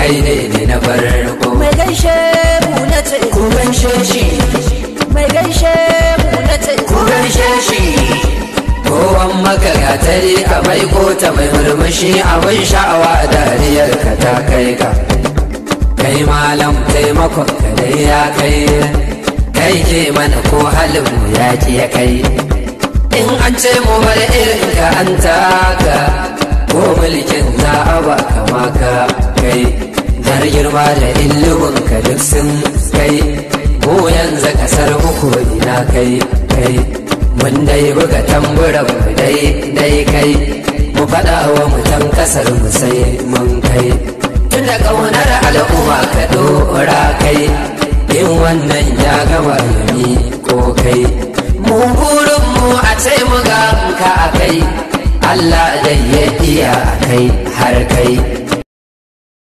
kai ne ne na farko mai gaishe mu na ce ku gaishe shi mai gaishe mu na ce ku gaishe shi kowan maka gatari ka mai kota mai murmushi abin sha'awa dariyar ka ta kai ka kai malam taimakon ka dai ya kai kai ke mana ko halin mu ya ki ya kai in an ce mu bar irin ka an taka ko mulkin za a ba ka maka kai yar girma da illubin ka duk sun kai mu yanzu kasar uku ina kai kai mun dai buga tamburan mu dai dai kai mu faɗa wa mutan kasar mu sai mun kai tun da ƙaunar al'umma ka ɗora kai yin wannan ya gama yami ko kai mu burin mu a ce mu ga ka a kai Allah dai ya iya a kai har kai